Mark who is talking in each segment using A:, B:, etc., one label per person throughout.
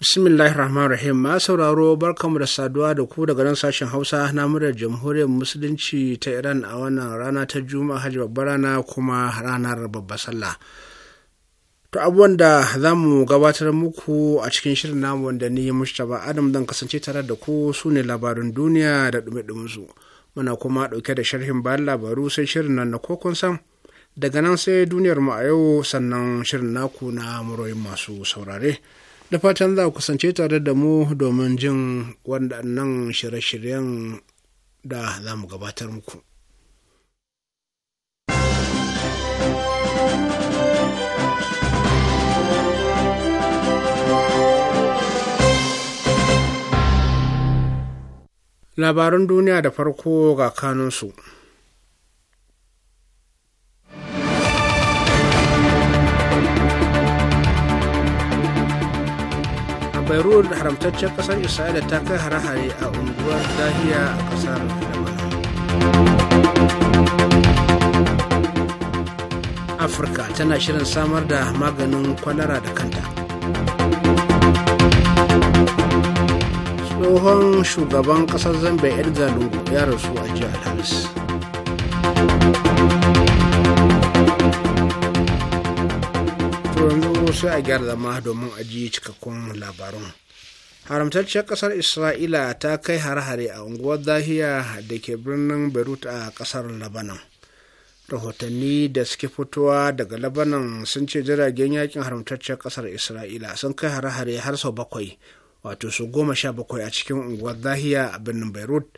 A: bismillahir rahman rahim ma sauraro barkamu da saduwa da ku daga nan sashen hausa na muryar jamhuriyar musulunci ta iran a wannan rana ta juma'a hajji babbar rana kuma ranar babbar sallah to abubuwan da za mu gabatar muku a cikin shirin namu wanda ni mustapha adam zan kasance tare da ku su ne labarin duniya da ɗume su muna kuma ɗauke da sharhin bayan labaru sai shirin nan na kokon san daga nan sai duniyar mu a yau sannan shirin naku na muroyin masu saurare da fatan za ku kusance tare da mu domin jin waɗannan shirye-shiryen da za mu gabatar muku. Labaran duniya da farko ga kanunsu. beirut haramtaccen kasar isra'ila ta kai hare-hare a unguwar dahiya a kasar afirka tana shirin samar da maganin kwalara da kanta tsohon shugaban kasar zambia edgar lungu ya rasu a jiya alhamis to yanzu sai a gyara zama domin ajiye cikakkun labarun haramtacciyar kasar isra'ila ta kai hare-hare a unguwar zahiya da ke birnin beirut a kasar labanan rahotanni da suke fitowa daga labanan sun ce jiragen yakin haramtacciyar kasar isra'ila sun kai hare-hare har sau bakwai wato su goma sha bakwai a cikin unguwar zahiya a birnin beirut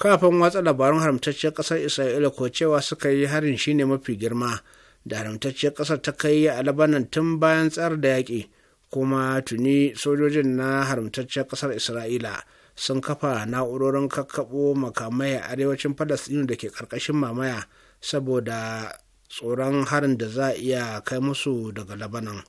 A: kafin watsa labarun haramtacciyar kasar isra'ila ko cewa suka yi harin shine mafi girma da haramtacciyar ƙasar ta kai a labanan tun bayan tsar da yaƙi kuma tuni sojojin na haramtacciyar ƙasar isra'ila sun kafa na'urorin kakkaɓo makamai a arewacin falastinu da ke ƙarƙashin mamaya saboda tsoron harin da za a iya kai musu daga labanan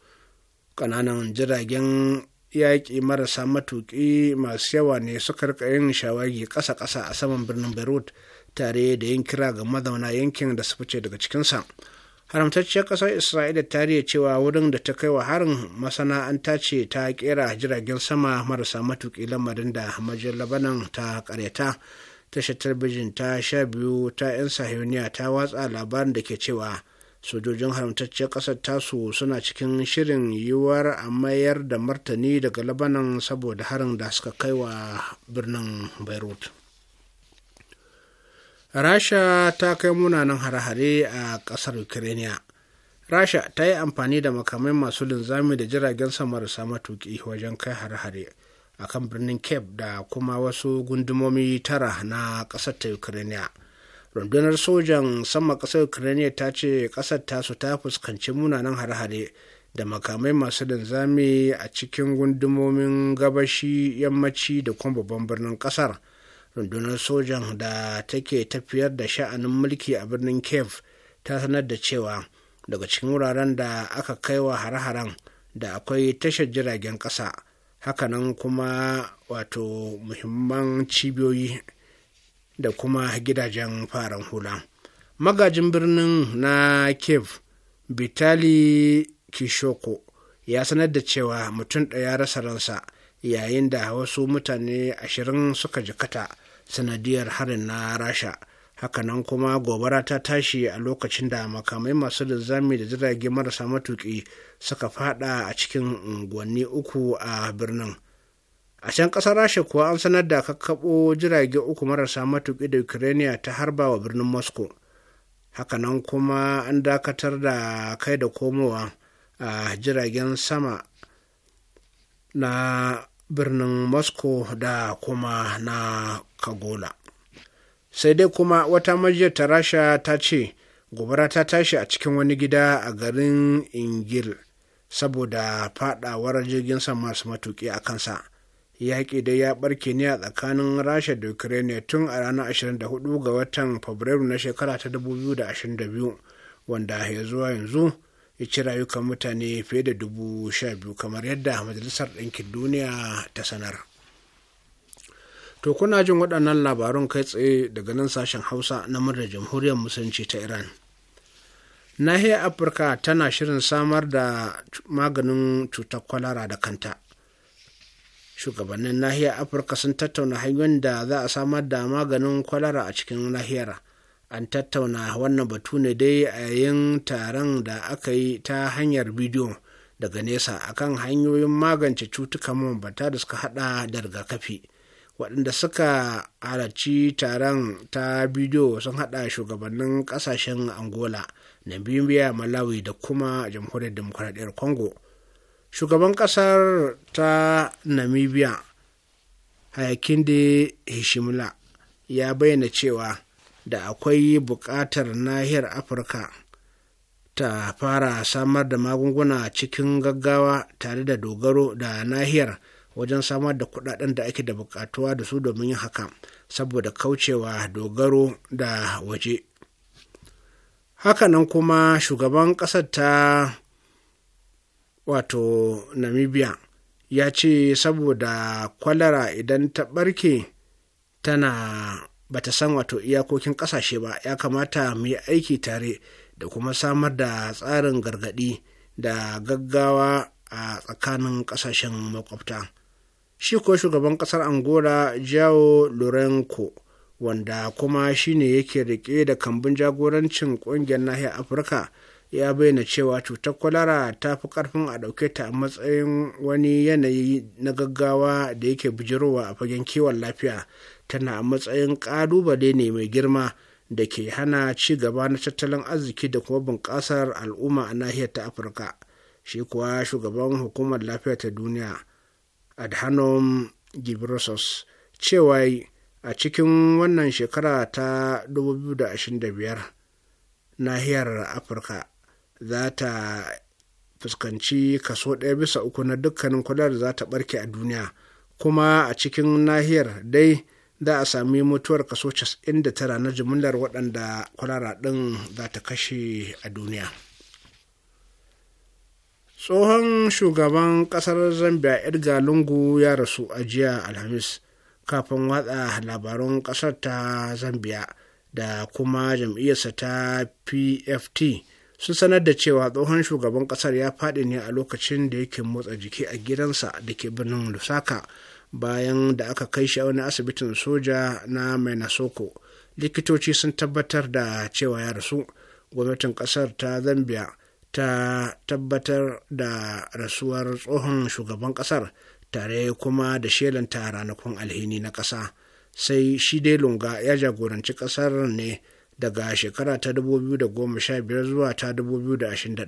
A: ƙananan jiragen yaƙi marasa matuƙi masu yawa ne suka rika yin shawagi ƙasa-ƙasa a saman birnin beirut tare da yin kira ga mazauna yankin da su fice daga cikinsa haramtacciyar ƙasar isra'ila ta riya cewa wurin da ta kai wa harin masana'anta ce ta kera jiragen sama marasa matuki lamarin da majiyar labanan ta karyata tashar talabijin ta sha biyu ta 'yan sahiyoniya ta watsa labarin da ke cewa sojojin haramtacciyar ƙasar tasu suna cikin shirin yiwuwar a mayar da martani daga labanan saboda harin da suka kai wa birnin beirut rasha ta kai munanan hare-hare a ƙasar ukraine rasha ta yi amfani da makamai masu linzami da jiragen sama marasa matuƙi wajen kai hare-hare a kan birnin cape da kuma wasu gundumomi tara na ƙasar ta ukraine rundunar sojan sama ƙasar ukraine ta ce ƙasar tasu ta fuskanci munanan hare-hare da makamai masu linzami a cikin gundumomin gabashi yammaci da kuma babban birnin ƙasar rundunar sojan da take tafiyar da sha'anin mulki a birnin kiev ta sanar da cewa daga cikin wuraren da aka kai wa hare-haren da akwai tashar jiragen ƙasa hakanan kuma wato muhimman cibiyoyi da kuma gidajen faran hula magajin birnin na kiev vitali kishoko ya sanar da cewa mutum ɗaya rasa ransa yayin da wasu mutane ashirin suka jikata sanadiyar harin na rasha hakanan kuma gobara ta tashi a lokacin da makamai masu linzami da jirage marasa matuƙi suka fada a cikin unguwanni uku a birnin a can ƙasar rasha kuwa an sanar da kakkaɓo jirage uku marasa matuki da ukraine ta harba wa birnin moscow hakanan kuma an dakatar da kai da komowa a jiragen sama na birnin moscow da kuma na kagola sai dai kuma wata majiyar ta rasha ta ce gobara ta tashi a cikin wani gida a garin ingil saboda fadawar jirgin sama masu matuki a kansa yaƙi dai ya ɓarke ne a tsakanin rasha da ukraine tun a ranar 24 ga watan fabrairu na shekara ta 2022 wanda ya zuwa yanzu ya ci rayukan mutane fiye da dubu sha biyu kamar yadda majalisar ɗinkin duniya ta sanar to kuna jin waɗannan labarun kai tsaye daga nan sashen hausa na murna jamhuriyar musulunci ta iran nahiyar afirka tana shirin samar da maganin cutar kwalara da kanta shugabannin nahiyar afirka sun tattauna hanyoyin da za a samar da maganin kwalara a cikin nahiyar an tattauna wannan batu ne dai a yin taron da aka yi ta hanyar bidiyo daga nesa akan hanyoyin magance cutuka mambata da suka hada da rigakafi waɗanda suka halarci taron ta bidiyo sun hada shugabannin ƙasashen angola namibia malawi da kuma jamhuriyar demokuraɗiyar congo shugaban ƙasar ta namibia hayakinde hishimla ya bayyana cewa da akwai buƙatar nahiyar afirka ta fara samar da magunguna cikin gaggawa tare da dogaro da nahiyar wajen samar da kudaden da ake da bukatuwa da su domin yin haka saboda kaucewa dogaro da waje hakanan kuma shugaban ƙasar ta wato namibia ya ce saboda kwalara idan ta ɓarke tana ba ta san wato iyakokin ƙasashe ba ya kamata mu yi aiki tare da kuma samar da tsarin gargaɗi da gaggawa a tsakanin ƙasashen makwabta shi ko shugaban ƙasar angola jao lorenco wanda kuma shine yake rike da kambun jagorancin ƙungiyar nahiyar afirka ya bayyana cewa cutar kwalara ta fi karfin a ɗauke ta a matsayin wani yanayi na gaggawa da yake bijirowa a fagen kiwon lafiya tana a matsayin ƙalubale ne mai girma da ke hana ci gaba na tattalin arziki da kuma bunƙasar al'umma a nahiyar ta afirka shi kuwa shugaban hukumar lafiya ta duniya adhanom ghebreyesus cewa a cikin wannan shekara ta 2025 nahiyar afirka za ta fuskanci kaso ɗaya bisa uku na dukkanin kudar za ta ɓarke a duniya kuma a cikin nahiyar dai da a sami mutuwar kaso 99 na jimillar waɗanda kwarara ɗin za ta kashe a duniya tsohon shugaban ƙasar zambia edgar lungu ya rasu a jiya alhamis kafin watsa labarun ƙasar ta zambia da kuma jam'iyyarsa ta pft sun sanar da cewa tsohon shugaban ƙasar ya faɗi ne a lokacin da yake motsa jiki a gidansa da ke birnin lusaka bayan da aka kai shi a wani asibitin soja na minnesota likitoci sun tabbatar da cewa ya rasu gwamnatin kasar ta zambia ta tabbatar da rasuwar tsohon shugaban kasar tare kuma da shelanta ranakun alhini na kasa sai shi dai lunga ya jagoranci kasar ne daga shekara ta 2015 zuwa ta 2021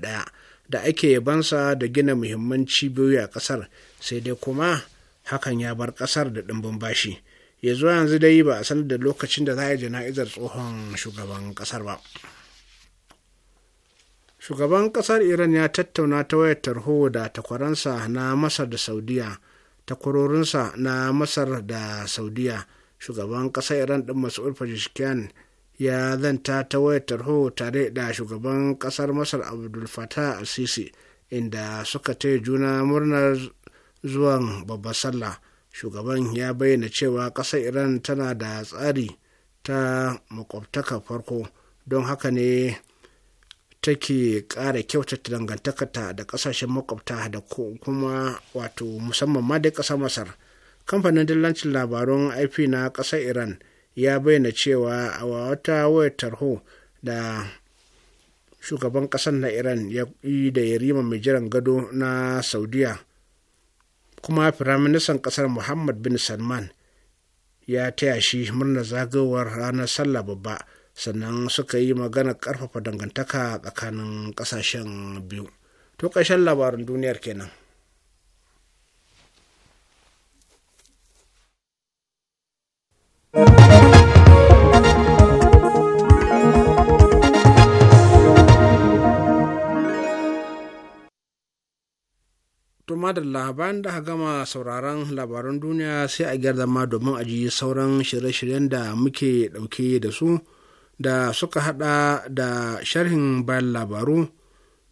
A: da ake yabansa da gina muhimman cibiyoyi a kasar sai dai kuma hakan ya bar ƙasar da ɗimbin bashi ya zo yanzu dai ba a sanar da lokacin da za a jana'izar tsohon shugaban ƙasar ba shugaban ƙasar iran ya tattauna ta wayar tarho da takwaransa na masar da saudiya takwarorinsa na masar da saudiya shugaban ƙasar iran ɗin mas'ud pezeshkian ya zanta ta wayar tarho tare da shugaban ƙasar masar abdul fatah al-sisi inda suka taya juna murnar zuwan babbar sallah shugaban ya bayyana cewa ƙasar iran tana da tsari ta makwabtaka farko don haka ne take ƙara kyautata dangantakata da ƙasashen makwabta da kuma wato musamman ma da ƙasar masar kamfanin dillancin labarun ip na ƙasar iran ya bayyana cewa a wata wayar tarho da shugaban ƙasar na iran ya yi da yarima mai jiran gado na saudiya kuma firaministan ƙasar muhammad bin salman ya taya shi murna zagawar ranar sallah babba sannan suka yi magana ƙarfafa dangantaka tsakanin ƙasashen biyu to ƙarshen labarin duniyar kenan to madalla bayan da gama sauraron labaran duniya sai a gyar zama domin a ji sauran shirye-shiryen da muke ɗauke da su da suka hada da sharhin bayan labaru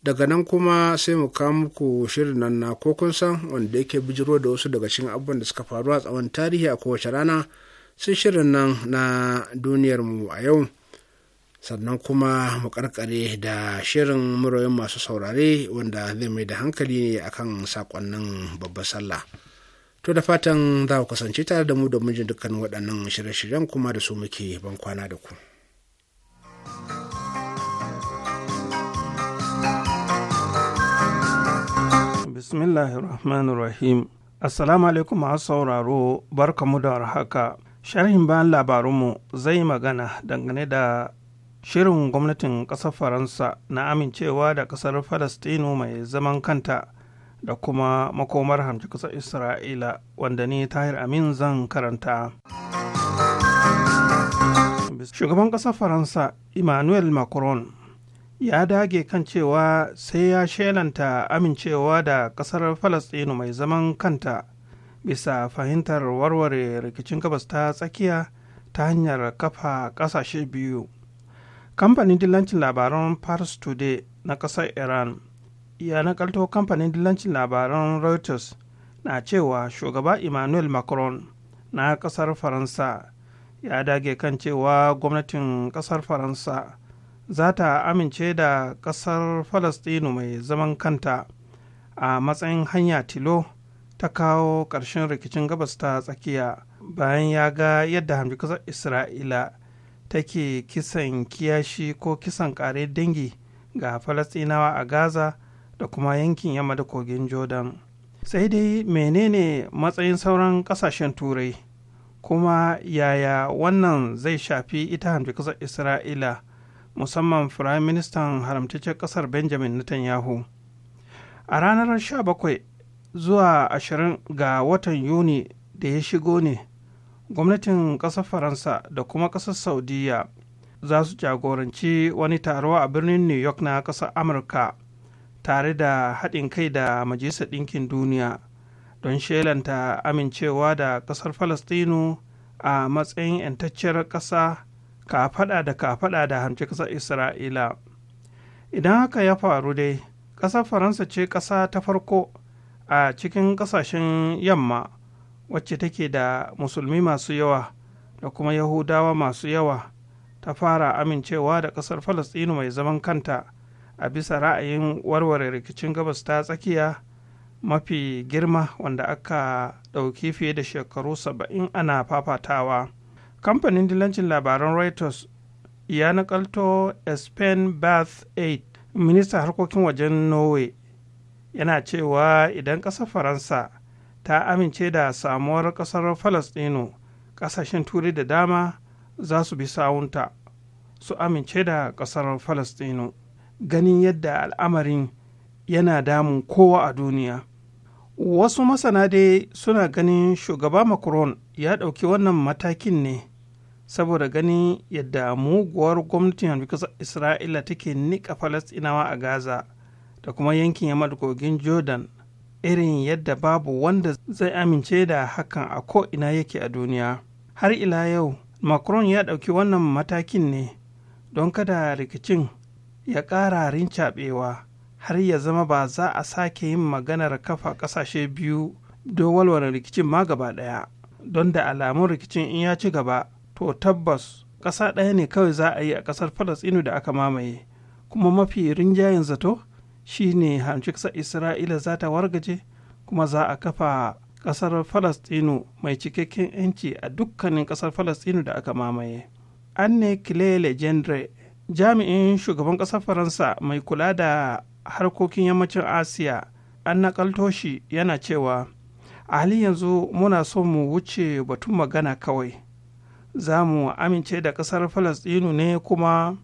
A: daga nan kuma sai mu kawo muku shirin nan na kokun san wanda yake bijiro da wasu daga cikin abubuwan da suka faru a tsawon tarihi a kowace rana sai shirin nan na duniyarmu a yau. sannan kuma mu karkare da shirin murayen masu saurare wanda zai mai da hankali ne akan sakonnin babbar sallah to da fatan za ku kasance tare da mu da mijin dukkan waɗannan shirye-shiryen kuma da su muke ban kwana da ku.
B: Bismillahirrahmanirrahim. Assalamu alaikum masu sauraro, barkamu da haka. Sharhin bayan labarunmu zai magana dangane da shirin gwamnatin ƙasar faransa na amincewa da ƙasar falastinu mai zaman kanta da kuma makomar hamci ƙasar isra'ila wanda ni tahir amin zan karanta shugaban ƙasar faransa emmanuel macron ya dage kan cewa sai ya shelanta amincewa da ƙasar falastinu mai zaman kanta bisa fahimtar warware rikicin gabas ta tsakiya ta hanyar kafa ƙasashe biyu kamfanin dillancin labaran paris today na ƙasar iran ya nakalto kamfanin dillancin labaran reuters na cewa shugaba emmanuel macron na ƙasar faransa ya dage kan cewa gwamnatin ƙasar faransa za ta amince da ƙasar falastinu mai zaman kanta a matsayin hanya tilo ta kawo ƙarshen rikicin gabas ta tsakiya bayan ya ga yadda kasar isra'ila take kisan kiyashi ko kisan kare dangi ga falastinawa a gaza da kuma yankin yamma da kogin jordan sai dai menene matsayin sauran kasashen turai kuma yaya wannan zai shafi ita hamdi isra'ila musamman firayim ministan haramtaccen kasar benjamin netanyahu a ranar 17 zuwa 20 ga watan yuni da ya shigo ne gwamnatin ƙasar faransa da kuma ƙasar saudiya za su jagoranci wani taro a birnin new york na ƙasar amurka tare da haɗin kai da majalisar ɗinkin duniya don shelanta amincewa da ƙasar falastinu a matsayin 'yantacciyar ƙasa kafaɗa da kafaɗa da hamci ƙasar isra'ila idan haka ya faru dai ƙasar faransa ce ƙasa ta farko a cikin ƙasashen yamma wacce take da musulmi masu yawa da kuma yahudawa masu yawa ta fara amincewa da ƙasar falastinu mai zaman kanta a bisa ra'ayin warware rikicin gabas ta tsakiya mafi girma wanda aka ɗauki fiye da shekaru saba'in ana fafatawa kamfanin dilancin labaran reuters ya nakalto spain bath 8 ministan harkokin wajen norway yana cewa idan ƙasar faransa ta amince da samuwar ƙasar falastino ƙasashen turai da dama za su bi sawunta su amince da ƙasar falastino ganin yadda al'amarin yana damun kowa a duniya wasu masana dai suna ganin shugaba macron ya ɗauki wannan matakin ne saboda ganin yadda muguwar gwamnatin isra'ila take niƙa falastinawa a gaza da kuma yankin yamma da kogin jordan irin yadda babu wanda zai amince da hakan a ko'ina yake a duniya har ila yau macron ya ɗauki wannan matakin ne don kada rikicin ya ƙara rincaɓewa har ya zama ba za a sake yin maganar kafa ƙasashe biyu don walwala rikicin ma gaba ɗaya don da alamun rikicin in ya ci gaba to tabbas ƙasa ɗaya ne kawai za a yi a ƙasar da aka mamaye kuma mafi rinjayen zato Shi ne hamci ƙasar isra'ila za ta wargaje kuma za a kafa ƙasar falastinu mai cikakken 'yanci a dukkanin ƙasar falastinu da aka mamaye anne kilele gendre jami'in shugaban ƙasar faransa mai kula da harkokin yammacin asiya an naƙalto shi yana cewa a halin yanzu muna so mu wuce batun magana kawai za mu amince da ƙasar falastinu ne kuma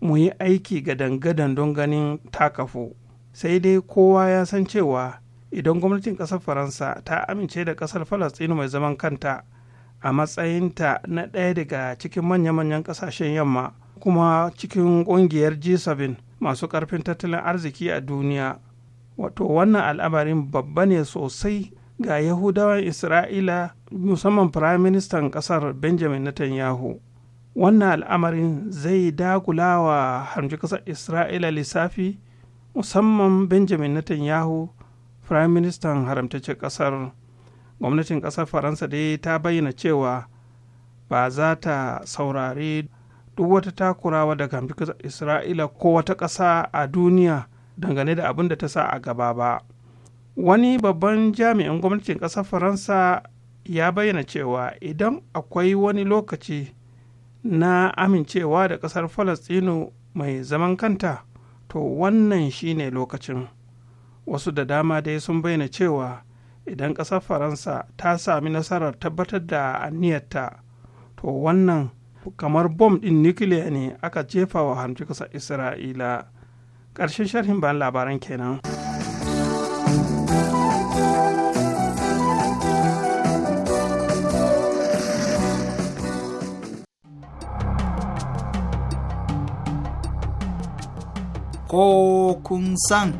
B: mu yi aiki ga dangadan don ganin takafo sai dai kowa ya san cewa idan gwamnatin ƙasar faransa ta amince da ƙasar falastinu mai zaman kanta a matsayinta na ɗaya daga cikin manya-manyan ƙasashen yamma kuma cikin ƙungiyar g7 masu ƙarfin tattalin arziki a duniya wato wannan al'amarin babba ne sosai ga yahudawan isra'ila musamman Firayim Ministan ƙasar benjamin netanyahu wannan al'amarin zai dakula wa harjin ƙasar isra'ila lissafi musamman benjamin netanyahu prime ministan haramtaccen ƙasar gwamnatin ƙasar faransa dai ta bayyana cewa ba za ta saurari duk wata takurawa daga hamshi ƙasar isra'ila ko wata ƙasa a duniya dangane da abin da ta sa a gaba ba wani babban jami'in gwamnatin ƙasar faransa ya bayyana cewa idan akwai wani lokaci na amincewa da ƙasar falastinu mai zaman kanta to wannan shine lokacin wasu da dama dai sun bayyana cewa idan ƙasar faransa ta sami nasarar tabbatar da aniyarta to wannan kamar bom ɗin nukiliya ne aka jefa wa hamci ƙasar isra'ila ƙarshen sharhin bayan labaran kenan.
A: こう
B: くんさん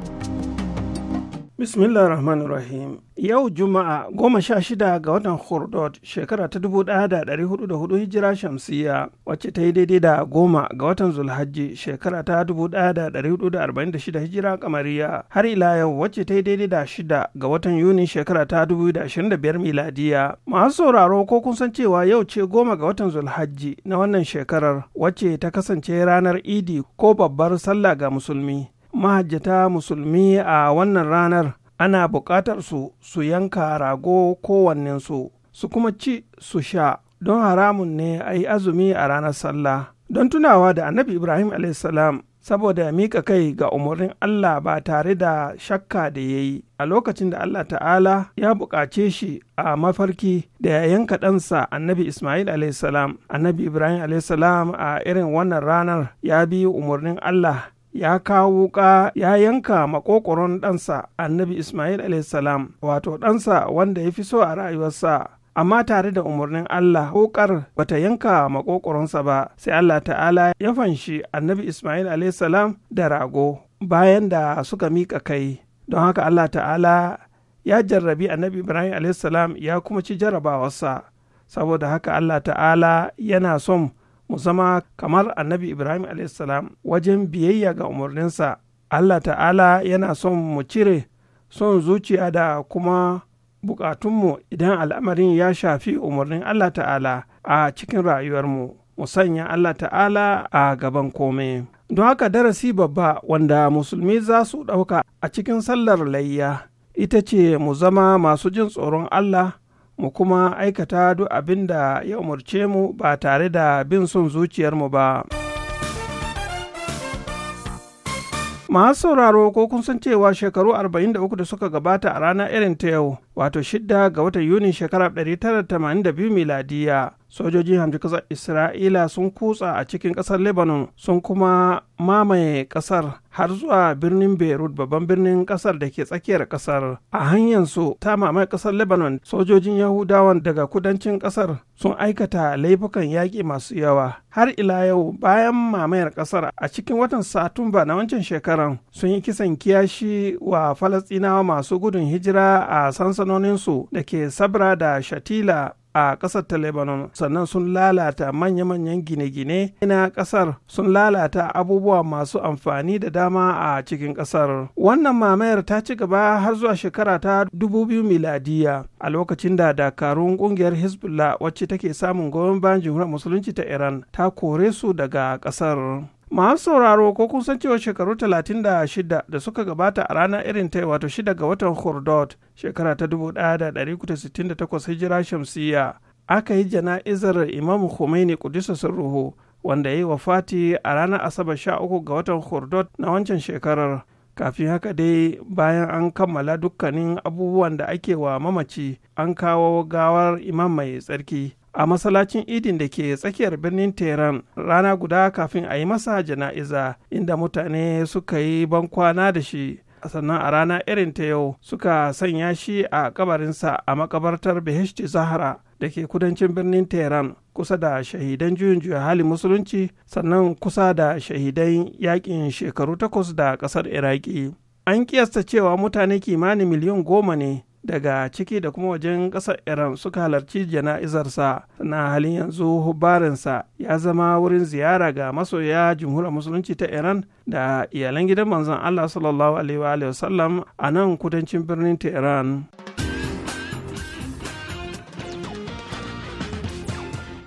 B: Bismillah rahman rahim Yau Juma'a goma sha shida ga watan Khurdod shekara ta dubu ɗaya da ɗari hudu da hudu hijira shamsiya wacce ta yi daidai da goma ga watan Zulhajji shekara ta dubu ɗaya da ɗari hudu da arba'in da shida hijira kamariya har ila yau wacce ta yi daidai da shida ga watan Yuni shekara ta dubu da ashirin da biyar miladiya. Masu sauraro ko kun san cewa yau ce goma ga watan Zulhajji na wannan shekarar wacce ta kasance ranar Idi ko babbar sallah ga musulmi. mahajjata musulmi a wannan ranar ana buƙatar su su yanka rago kowannensu su kuma ci su sha don haramun ne a yi azumi a ranar sallah don tunawa da annabi ibrahim salam saboda ya miƙa kai ga umarnin allah ba tare da shakka da ya yi a lokacin da allah ta'ala ya buƙace shi a mafarki da ya yanka ɗansa annabi ismail salam annabi ibrahim salam a irin wannan ranar ya bi umarnin allah ya kawo wuƙa ya yanka makokoron ɗansa annabi Ismail salam wato ɗansa wanda ya fi so a rayuwarsa. Amma tare da umarnin Allah wukar bata yanka makokoronsa ba sai Allah ta'ala ya fanshi annabi Ismail salam da rago bayan da suka miƙa kai. Don haka Allah ta'ala ya jarrabi annabi Ibrahim salam ya kuma ci jarrabawarsa. Saboda haka Allah ta'ala yana son mu zama kamar annabi ibrahim salam wajen biyayya ga umarninsa allah ta'ala yana son mu cire son zuciya da kuma bukatunmu idan al'amarin ya shafi umarnin allah ta'ala a cikin rayuwarmu mu sanya allah ta'ala a gaban kome don haka darasi babba wanda musulmi za su ɗauka a cikin sallar layya ita ce mu zama masu jin tsoron allah mu kuma aikata duk abin da ya umarce mu ba tare da bin son zuciyarmu ba. Masu sauraro ko kun san cewa shekaru 43 da suka gabata a ranar irin ta yau, wato shidda ga watan yuni shekara 1982 miladiya sojojin hamji kasar isra'ila sun kutsa a cikin kasar lebanon sun kuma mamaye kasar har zuwa birnin beirut babban birnin kasar da ke tsakiyar kasar a hanyar su ta mamaye kasar lebanon sojojin yahudawan daga kudancin kasar sun aikata laifukan yaƙi masu yawa har ila yau bayan mamayar kasar a cikin watan satumba na wancan shekaran sun yi kisan kiyashi wa falastinawa masu gudun hijira a sansan sansanoninsu da ke sabra da shatila a ƙasar ta lebanon sannan sun lalata manya-manyan gine-gine na ƙasar sun lalata abubuwa masu amfani da dama a cikin ƙasar wannan mamayar ta ci gaba har zuwa shekara ta 2000 miladiya a lokacin da dakarun ƙungiyar hezbollah wacce take samun goyon bayan jihunar musulunci ta iran ta kore su daga ƙasar masu sauraro ko kun san cewa shekaru 36 da suka gabata a ranar irin ta wato 6 ga watan hordot shekara ta 1968 hijira shamsiya aka yi jana'izar imam khomeini kudisa ruhu wanda ya yi wafati a ranar asabar 13 ga watan hordot na wancan shekarar kafin haka dai bayan an kammala dukkanin abubuwan da ake wa mamaci an kawo gawar imam mai tsarki a masallacin idin da ke tsakiyar birnin tehran rana guda kafin a yi masa jana'iza inda mutane suka yi bankwana da shi sannan a rana irin ta yau suka sanya shi a kabarinsa a makabartar beheshti zahara da ke kudancin birnin tehran kusa da shahidan juyin juya hali musulunci sannan kusa da shahidan yakin shekaru takwas da kasar iraki an kiyasta cewa mutane kimanin miliyan goma ne daga ciki da kuma wajen ƙasar iran suka halarci jana'izarsa na halin yanzu hubarinsa ya zama wurin ziyara ga masoya jamhuriyar musulunci ta iran da iyalan gidan manzon allah sallallahu alaihi a nan kudancin birnin Iran.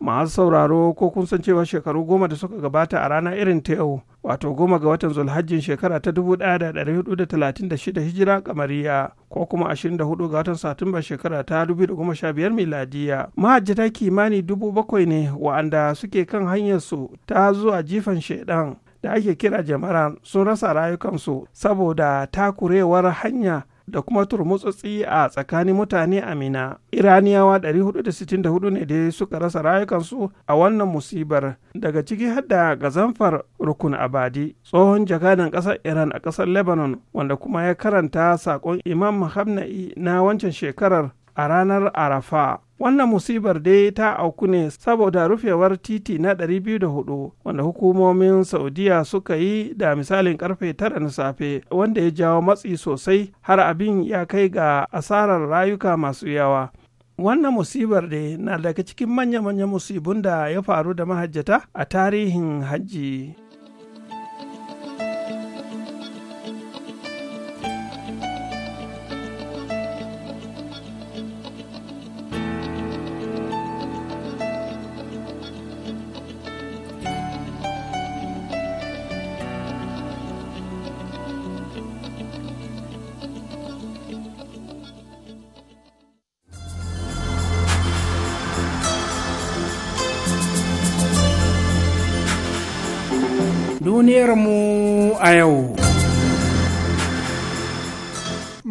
B: masu sauraro ko kun san cewa shekaru goma da suka gabata a rana irin ta yau wato goma ga watan zulhajjin shekara ta 1436 hijira kamariya ko kuma 24 ga watan satumba shekara ta 2015 miladiya mahajjata kimani dubu bakwai ne wa'anda suke kan hanyarsu ta zuwa jifan shaidan da ake kira jamara sun rasa rayukansu saboda takurewar hanya da kuma turmutsutsi a tsakanin mutane a mina iraniyawa 464 ne dai suka rasa rayukansu a wannan musibar daga ciki hadda gazanfar rukun abadi tsohon jakadan ƙasar iran a ƙasar lebanon wanda kuma ya karanta saƙon imam hamna'i na wancan shekarar a ranar arafa wannan musibar dai ta auku ne saboda rufewar titi na 204 wanda hukumomin saudiya suka yi da misalin karfe 9 na safe wanda ya jawo matsi sosai har abin ya kai ga asarar rayuka masu yawa wannan musibar dai na daga cikin manya-manyan musibun da ya faru da mahajjata a tarihin hajji.
A: duniyarmu a yau.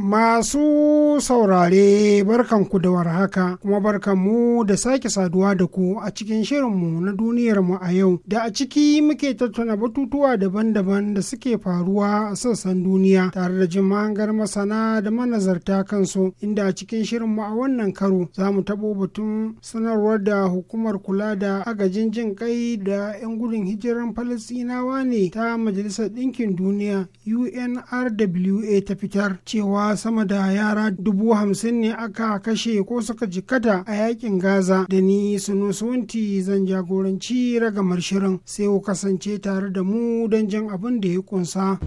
C: Masu saurare barkanku da warhaka kuma barkanmu da sake saduwa da ku a cikin shirinmu na duniyarmu a yau da a ciki muke tattauna batutuwa daban-daban da suke faruwa a sassan duniya tare da jin mahangar masana da manazarta kansu inda a cikin shirinmu a wannan karo za mu taɓo batun sanarwar da hukumar kula da agajin jin kai da 'yan gudun hijiran Falasɗinawa ne ta Majalisar Ɗinkin Duniya UNRWA ta fitar cewa sama da yara dubu hamsin ne aka kashe ko suka jikkata a yakin gaza da ni sunusunti zan jagoranci ragamar shirin sai ku kasance tare da mu don jin abin da ya kunsa.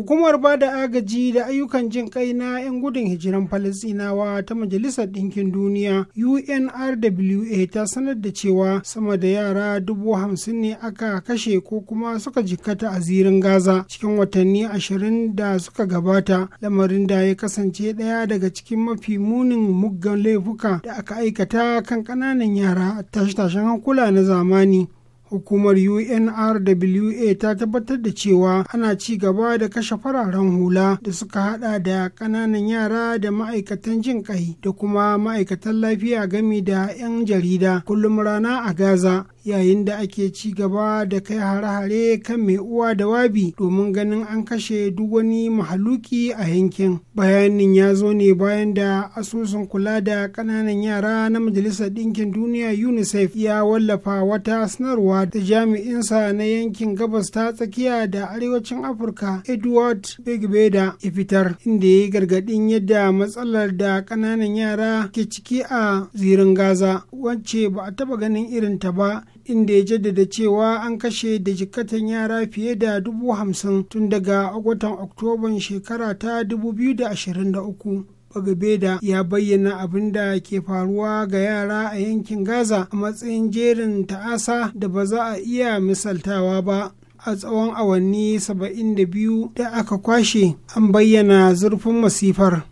C: Hukumar ba da agaji da ayyukan jin kai na 'yan gudun hijiran Falasinawa ta Majalisar Ɗinkin Duniya UNRWA ta sanar da cewa sama da yara dubu hamsin ne aka kashe ko kuma suka jikkata a zirin Gaza cikin watanni ashirin da suka gabata lamarin da ya kasance ɗaya daga cikin mafi munin muggan laifuka da aka aikata kan ƙananan yara a tashe-tashen hankula na zamani. hukumar unrwa ta tabbatar da cewa ana ci gaba da kashe fararen hula da suka hada da kananan yara da ma'aikatan jin kai da kuma ma'aikatan lafiya gami da 'yan jarida kullum rana a gaza yayin da ake ci gaba da kai hare-hare kan mai uwa da wabi domin ganin an kashe duk wani mahaluki a yankin bayanin ya zo ne bayan da asusun kula da kananan yara na majalisar ɗinkin duniya unicef ya wallafa wata sanarwa da jami'insa na yankin gabas ta tsakiya da arewacin afirka edward begbeda ya fitar inda ya yi gargaɗin yadda matsalar da kananan yara ke ciki a zirin gaza wacce ba a taɓa ganin irin ta ba inda ya jaddada cewa an kashe da jikatan yara fiye da dubu hamsin tun daga watan oktoban shekara ta 2023 bagabeda ya bayyana abin da ke faruwa ga yara a yankin gaza a matsayin jerin ta'asa da ba za a iya misaltawa ba a tsawon awanni 72 da aka kwashe an bayyana zurfin masifar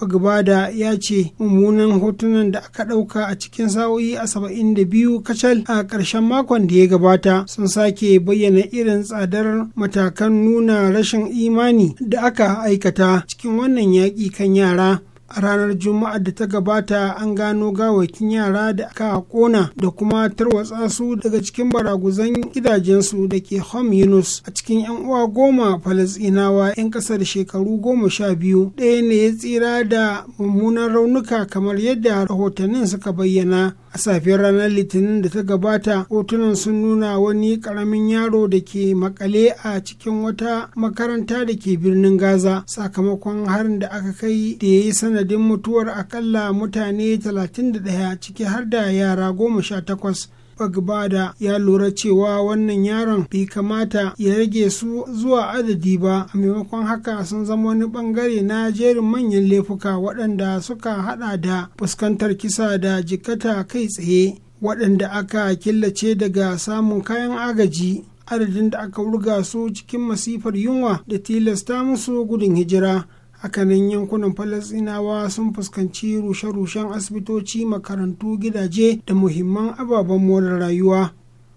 C: Bagbada ya ce mummunan hotunan da aka ɗauka a cikin sa'o'i a saba'in da biyu kacal a ƙarshen makon da ya gabata sun sake bayyana irin tsadar matakan nuna rashin imani da aka aikata cikin wannan yaƙi kan yara. a ranar juma'a da ta gabata an gano gawakin yara da aka kona da kuma tarwatsa su daga cikin baraguzan gidajensu da ke hom yunus a cikin yan uwa goma falasinawa yan ƙasar shekaru goma sha biyu ɗaya ne ya tsira da mummunan raunuka kamar yadda rahotannin suka bayyana a safiyar ranar litinin da ta gabata hotunan sun nuna wani karamin yaro da ke makale a cikin wata makaranta da ke birnin gaza sakamakon harin da aka kai da ya yi sanadin mutuwar akalla mutane 31 ciki har da yara 18 bagbada ya lura cewa wannan yaron bai kamata ya rage su zuwa adadi ba a maimakon haka sun zama wani bangare na jerin manyan laifuka waɗanda suka hada da fuskantar kisa da jikata kai tsaye waɗanda aka killace daga samun kayan agaji adadin da aka wurga su cikin masifar yunwa da tilasta musu gudun hijira hakanan yankunan falasinawa sun fuskanci rushe-rushen asibitoci makarantu gidaje da muhimman ababen more rayuwa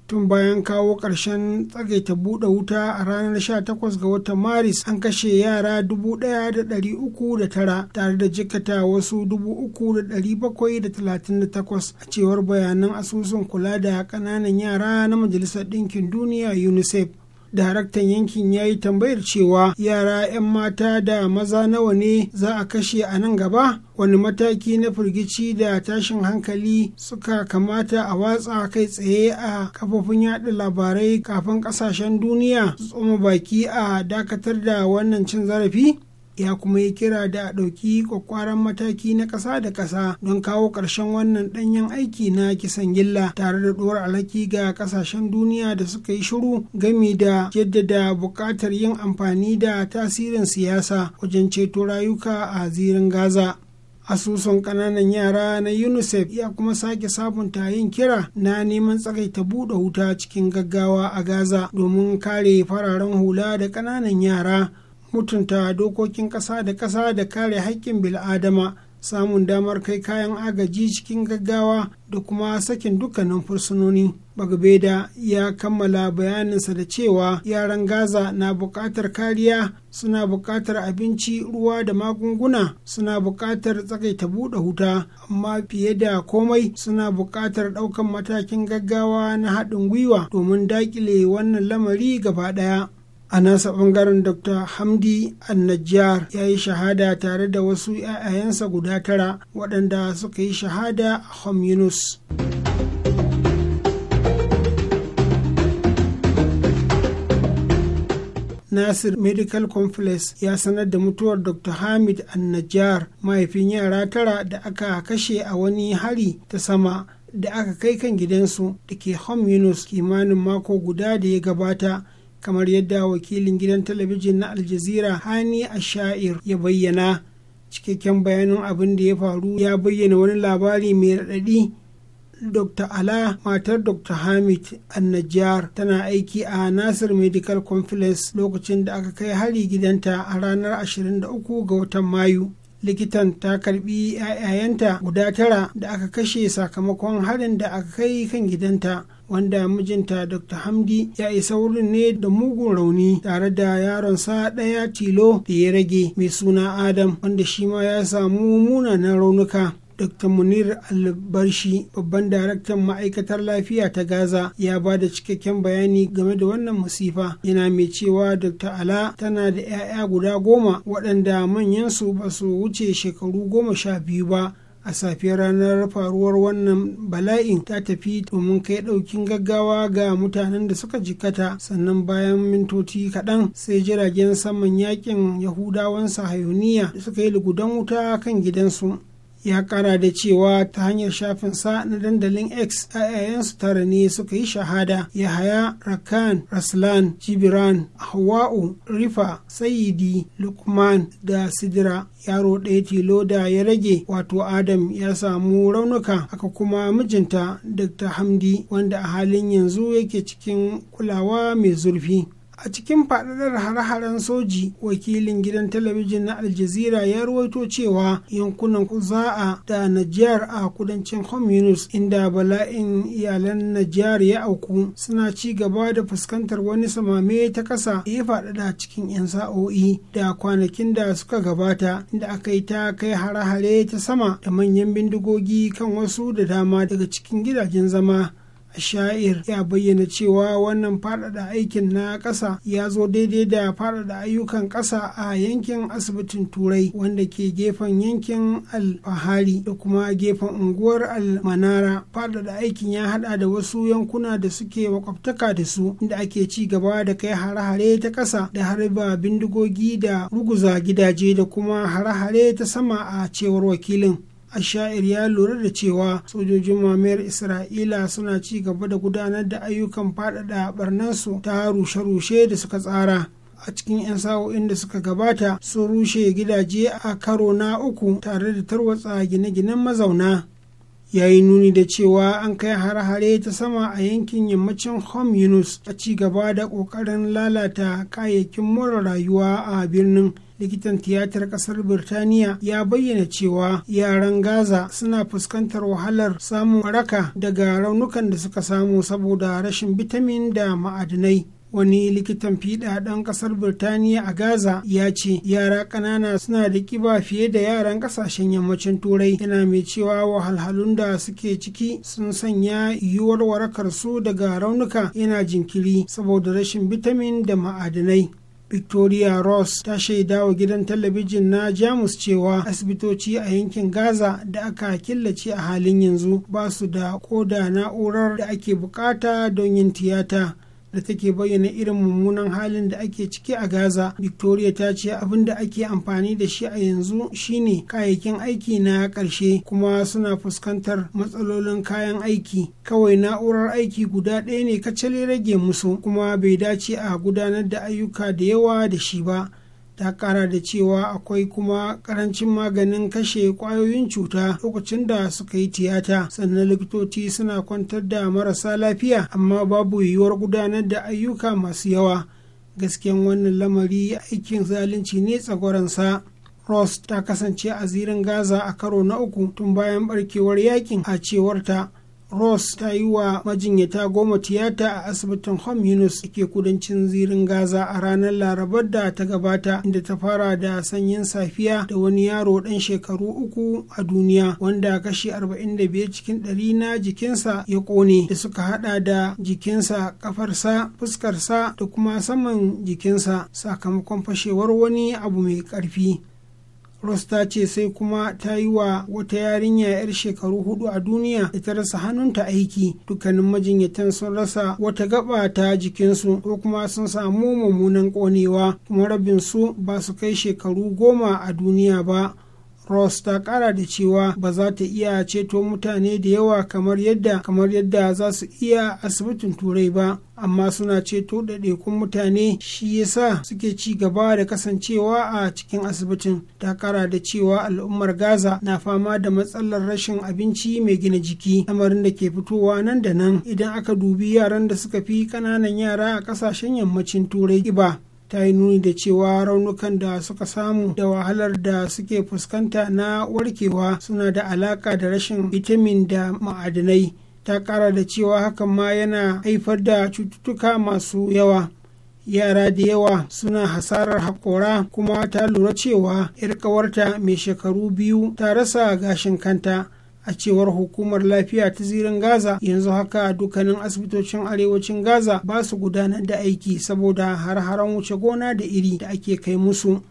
C: tun bayan kawo ƙarshen tsagaita buɗe wuta a ranar 18 ga watan maris an kashe yara 1,309 tare da jikata wasu 3,738 a cewar bayanan asusun kula da ƙananan yara na majalisar ɗinkin duniya unicef daraktan yankin ya yi tambayar cewa yara 'yan mata da maza nawa ne za a kashe a nan gaba wani mataki na firgici da tashin hankali suka kamata a watsa kai tsaye a kafofin yaɗa labarai kafin ƙasashen duniya su tsoma baki a dakatar da wannan cin zarafi ya kuma yi kira da a ɗauki kwakwaran mataki na ƙasa da ƙasa don kawo ƙarshen wannan ɗanyen aiki na kisan gilla tare da ɗora alhaki ga ƙasashen duniya da suka yi shiru gami da jaddada buƙatar yin amfani da tasirin siyasa wajen ceto rayuka a zirin gaza asusun ƙananan yara na unicef ya kuma sake sabunta yin kira na neman tsakaita buɗe wuta cikin gaggawa a gaza domin kare fararen hula da ƙananan yara mutunta dokokin ƙasa da ƙasa da kare haƙƙin bil'adama samun damar kai kayan agaji cikin gaggawa da kuma sakin dukkanin fursunoni bagbeda ya kammala bayaninsa da cewa yaran gaza na buƙatar kariya suna buƙatar abinci ruwa da magunguna suna buƙatar tsakaita buɗe huta amma fiye da komai suna buƙatar ɗaukan matakin gaggawa na haɗin gwiwa domin daƙile wannan lamari gaba ɗaya a nasa ɓangaren dr hamdi annajjar ya yi shahada tare da wasu 'ya'yansa guda tara waɗanda suka yi shahada a hom yunus Nasir Medical Complex ya sanar da mutuwar Dr. Hamid Annajjar mahaifin yara tara da aka kashe a wani hari ta sama da aka kai kan gidansu da ke Home kimanin mako guda da ya gabata. kamar yadda wakilin gidan talabijin na aljazira hani asha'ir ya bayyana cikakken bayanin abin da ya faru ya bayyana wani labari mai raɗaɗi dr ala matar dr hamid annajar tana aiki a nasir medical complex lokacin da aka kai hari gidanta a ranar 23 ga watan mayu likitan ta karbi 'ya'yanta guda tara da aka kashe sakamakon harin da aka kai kan gidanta wanda mijinta dr hamdi ya isa wurin ne da mugun rauni tare da yaron sa ɗaya tilo da ya rage mai suna adam wanda shi ma ya samu munanan raunuka Dr. Munir Albarshi, babban daraktan ma'aikatar lafiya ta Gaza, ya ba da cikakken bayani game da wannan musifa. Yana mai cewa Dr. Ala tana da 'ya'ya guda goma waɗanda manyansu ba su wuce shekaru goma sha biyu ba. a safiyar ranar faruwar wannan bala'in ta tafi domin kai daukin gaggawa ga mutanen da suka jikata sannan bayan mintoci kaɗan sai jiragen saman yakin yahudawan sahayuniya da suka yi lugudan wuta kan gidansu ya kara da cewa ta hanyar shafin sa na dandalin x yayansu tara ne suka yi shahada yahaya rakan raslan jibiran hawa'u rifa sayidi lukman da sidira yaro ɗaya tilo da ya rage wato adam ya samu raunuka aka kuma mijinta dr hamdi wanda a halin yanzu yake cikin kulawa mai zurfi a cikin faɗaɗar hare-haren soji wakilin gidan talabijin na aljazira ya ruwaito cewa yankunan za'a da najiyar a kudancin hominus inda bala'in iyalan najiyar ya auku suna ci gaba da fuskantar wani samame ta ƙasa da ya faɗaɗa cikin 'yan sa'o'i da kwanakin da suka gabata inda aka yi ta kai hare-hare ta sama da manyan bindigogi kan wasu da dama daga cikin gidajen zama sha'ir ya bayyana cewa wannan faɗaɗa aikin na ƙasa ya zo daidai da faɗaɗa ayyukan ƙasa a yankin asibitin turai wanda ke gefen yankin alfahari da kuma gefen unguwar almanara faɗaɗa aikin ya haɗa da wasu yankuna da suke makwabtaka da su inda ake ci gaba da kai hare-hare ta ƙasa da harba bindigogi da ruguza gidaje da kuma hare-hare ta sama a cewar wakilin A asha'ir ya lura da cewa sojojin mamayar isra'ila suna ci gaba da gudanar da ayyukan faɗaɗa barnansu ta rushe-rushe da suka tsara a cikin 'yan sa'o'in da suka gabata sun rushe gidaje a karo na uku tare da tarwatsa gine-ginen mazauna ya yi nuni da cewa an kai hare-hare ta sama a yankin yammacin Hom Yunus a ci gaba da ƙoƙarin lalata kayayyakin mura rayuwa a birnin likitan tiyatar kasar birtaniya ya bayyana cewa yaran gaza suna fuskantar wahalar samun waraka daga raunukan da suka samu saboda rashin bitamin da ma'adinai wani likitan fiɗa ɗan ƙasar birtaniya a gaza ya ce yara ƙanana suna da ƙiba fiye da yaran ƙasashen yammacin turai yana mai cewa wahalhalun da suke ciki sun sanya yiwuwar warakar su daga raunuka yana jinkiri saboda rashin bitamin da ma'adinai victoria ross ta shaida wa gidan talabijin na jamus cewa asibitoci a yankin gaza da aka killace a halin yanzu ba su da koda na'urar da ake bukata don yin tiyata da take bayyana irin mummunan halin da ake ciki a Gaza. Victoria ta ce abin da ake amfani da shi a yanzu shine kayayyakin aiki na ƙarshe kuma suna fuskantar matsalolin kayan aiki. Kawai na'urar aiki guda ɗaya ne kacale rage musu kuma bai dace a gudanar da ayyuka da yawa da shi ba. ta kara da cewa akwai kuma karancin maganin kashe kwayoyin cuta lokacin da suka yi tiyata sannan likitoci suna kwantar da marasa lafiya amma babu yiwuwar gudanar da ayyuka masu yawa gaskiyan wannan lamari aikin zalunci ne tsagoransa ross ta kasance a zirin gaza a karo na uku tun bayan barkewar yakin a cewarta ross ta yi wa majinyata goma tiyata a asibitin home yunus ke kudancin zirin gaza a ranar larabar da ta gabata inda ta fara da sanyin safiya da wani yaro ɗan shekaru uku a duniya wanda kashi 45 cikin ɗari na jikinsa ya ƙone da suka haɗa da jikinsa ƙafarsa fuskarsa da kuma saman jikinsa sakamakon fashewar wani abu mai ƙarfi. ross ta ce sai kuma ta yi wa wata yarinya 'yar shekaru hudu a duniya ita rasa hannunta aiki dukkanin majinyatan sun rasa wata gaba ta jikinsu ko kuma sun samu mummunan konewa kuma rabin su ba su kai shekaru goma a duniya ba ross ta kara da cewa ba za ta iya ceto mutane da yawa kamar yadda kamar yadda za su iya asibitin turai ba amma suna ceto ɗaiɗaikun mutane shi yasa suke ci gaba da kasancewa a cikin asibitin ta kara da cewa al'ummar gaza na fama da matsalar rashin abinci mai gina jiki lamarin da ke fitowa nan da nan idan aka dubi yaran da suka fi ƙananan yara a ƙasashen yammacin turai ba. ta yi nuni da cewa raunukan da suka samu da wahalar da suke fuskanta na warkewa suna da alaka da rashin vitamin da ma'adinai ta kara da cewa hakan ma yana haifar da cututtuka masu yawa yara da yawa suna hasarar hakora kuma ta lura cewa 'yar kawarta mai shekaru biyu ta rasa gashin kanta a cewar hukumar lafiya ta zirin gaza yanzu haka dukkanin asibitocin arewacin gaza ba su gudanar da aiki saboda har-haren wuce gona da iri da ake kai musu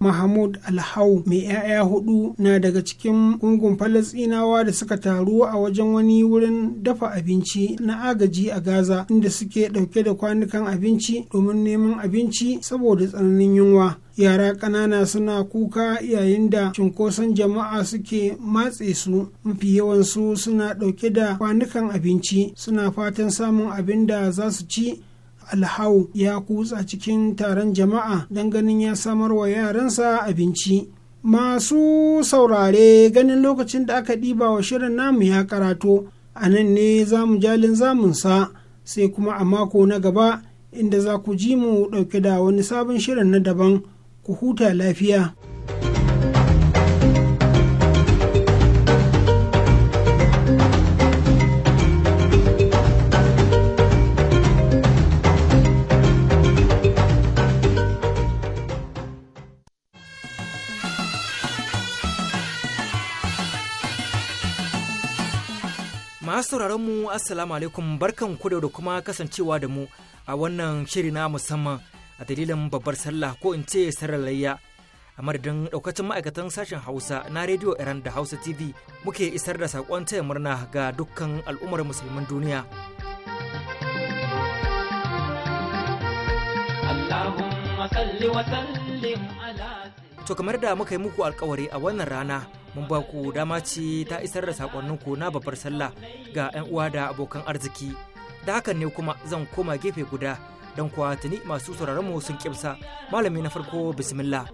C: mahmud alhau mai 'ya'ya hudu na daga cikin ungun falasinawa da suka taru a wajen wani wurin dafa abinci na agaji a gaza inda suke ɗauke da kwanukan abinci domin neman abinci saboda tsananin yunwa yara ƙanana suna kuka yayin da cunkoson jama'a suke matse su mafi yawansu suna ɗauke da kwanukan abinci suna fatan samun abin da za su ci alhau ya kutsa cikin taron jama'a don ganin ya samar wa yaransa abinci masu saurare ganin lokacin da aka ɗiba wa shirin namu ya karato a nan ne mu jalin zamunsa sai kuma a mako na gaba inda za ku ji mu ɗauke da wani sabon shirin na daban ku huta lafiya.
D: sauraron mu Assalamu alaikum barkan ku da kuma kasancewa da mu a wannan shiri na musamman a dalilin babbar sallah ko in ce sarar layya. A madadin daukacin ma'aikatan sashen Hausa na rediyo Iran da Hausa TV muke isar da saƙon taya murna ga dukkan al'ummar musulman duniya. Allahumma salli wa
E: sallim ala
D: To kamar da muka yi muku alkawari a wannan rana mun ba ku dama ce ta isar da sakonninku na babbar sallah ga 'yan uwa da abokan arziki. Da hakan ne kuma zan koma gefe guda don kuwa tuni masu sauraron mu sun kimsa malami na farko bismillah.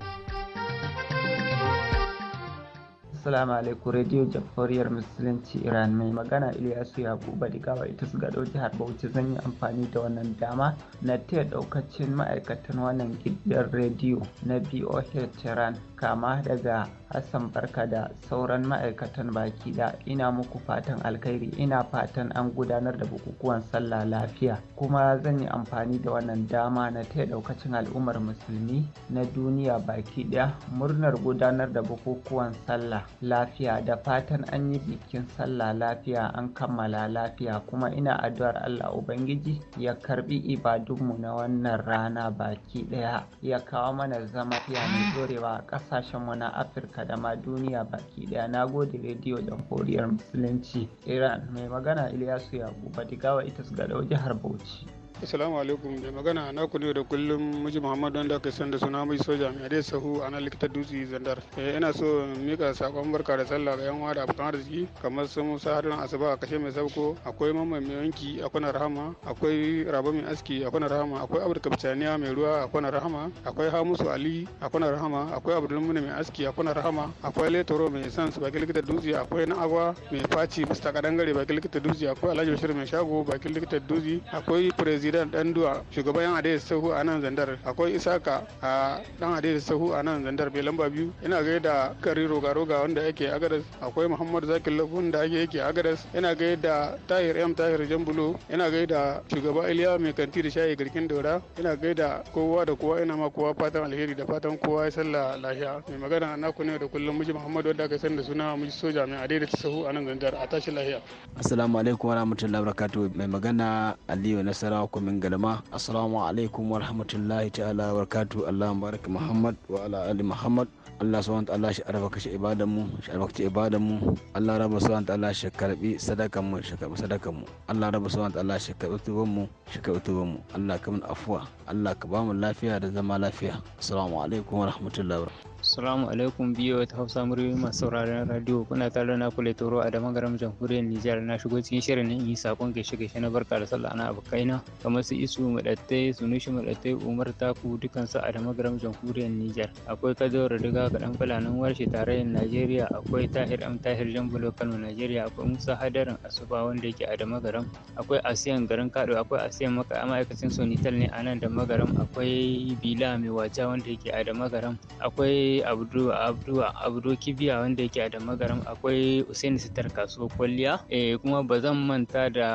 F: Assalamu alaikum Radio Jamhuriyar Musulunci Iran mai magana Ilyasu Yakuba gawa ita su gado jihar Bauchi zan yi amfani da wannan dama na taya daukacin ma'aikatan wannan gidan rediyo na BOH Tehran kama daga Hassan Barka da sauran ma'aikatan baki da ina muku fatan alkhairi ina fatan an gudanar da bukukuwan sallah lafiya kuma zan yi amfani da wannan dama na taya daukacin al'ummar musulmi na duniya baki daya murnar gudanar da bukukuwan sallah lafiya da fatan an yi bikin sallah lafiya an kammala lafiya kuma ina addu'ar Allah Ubangiji ya karbi ibadunmu na wannan rana baki daya ya kawo mana zama mai dorewa a ƙasashenmu na Afirka da ma duniya baki Ɗaya, na gode rediyo
G: jamhuriyar musulunci
F: Iran mai magana Ilyasu Yakuba digawa ita su gadau jihar
G: Bauchi.
H: Assalamu alaikum da magana na ku ne da kullum miji Muhammadu wanda aka san da suna mai soja mai dai sahu a ana likita dutse zandar. Eh, ina so mika sakon barka da sallah ga yan uwa da abokan arziki kamar su Musa harin Asaba a kashe mai sabko akwai mamman mai wanki a kwana rahama akwai Rabo mai aski a kwana rahama akwai Abdul Kapitaniya mai ruwa a kwana rahama akwai hamusu Ali a kwana rahama akwai Abdul Mumini mai aski a kwana rahama akwai Letoro mai san su baki likita dutse akwai na agwa mai faci mista Kadangare baki likita dutse akwai Alhaji Bashir mai shago baki likita dutse akwai President Zidan dan duwa shugaban yan adai sahu a nan zandar akwai isaka a dan adai sahu a nan zandar bai lamba biyu ina gaida kari roga roga wanda yake agadas akwai muhammad zakir lafun da ake yake agadas ina gaida tahir m tahir jambulo ina gaida shugaba iliya mai kanti da shayi garkin dora ina gaida kowa da kowa ina ma kowa fatan alheri da fatan kowa ya sallah lafiya mai magana na ku ne da kullum miji muhammad wanda aka sani da suna miji soja mai adai da sahu a nan zandar a tashi lafiya
I: assalamu alaikum warahmatullahi wabarakatuh mai magana aliyu nasarawa min galma assalamu alaikum wa rahmatullahi ta'ala wa barakatu allah baraka muhammad wa ala ali muhammad allah subhanahu ta'ala shi albarkaci ibadan mu shi albarkaci ibadan mu allah rabu subhanahu ta'ala shi karbi sadakan mu shi karbi sadakan mu allah rabu subhanahu ta'ala shi karbi tuban mu shi karbi tuban mu allah ka mun afuwa allah ka ba mu lafiya da zama lafiya assalamu alaikum wa
G: rahmatullahi wa barakatuh Assalamu alaikum biyo ta Hausa muryoyi masu sauraron radio kuna tare na kule toro a dama garam jamhuriyar Nijar na shigo cikin shirin nan yi sakon gaishe gaishe na barka da sallah na abokaina kamar su isu madatte nushi madatte Umar Taku dukan su a dama garam jamhuriyar Nijar akwai Kadoro riga ga dan fulanin warshe tarayyar Najeriya akwai Tahir Am Tahir Jambulo Kano Najeriya akwai Musa Hadarin Asuba wanda yake a dama garam akwai Asiyan garin Kado akwai Asiyan maka ma'aikacin Sonitel ne a nan da magaram akwai Bila mai wata wanda yake a dama garam akwai abdu abdu abdu kibiya wanda yake a da magaram akwai usaini sitar kasuwar kwalliya eh, kuma ba zan manta da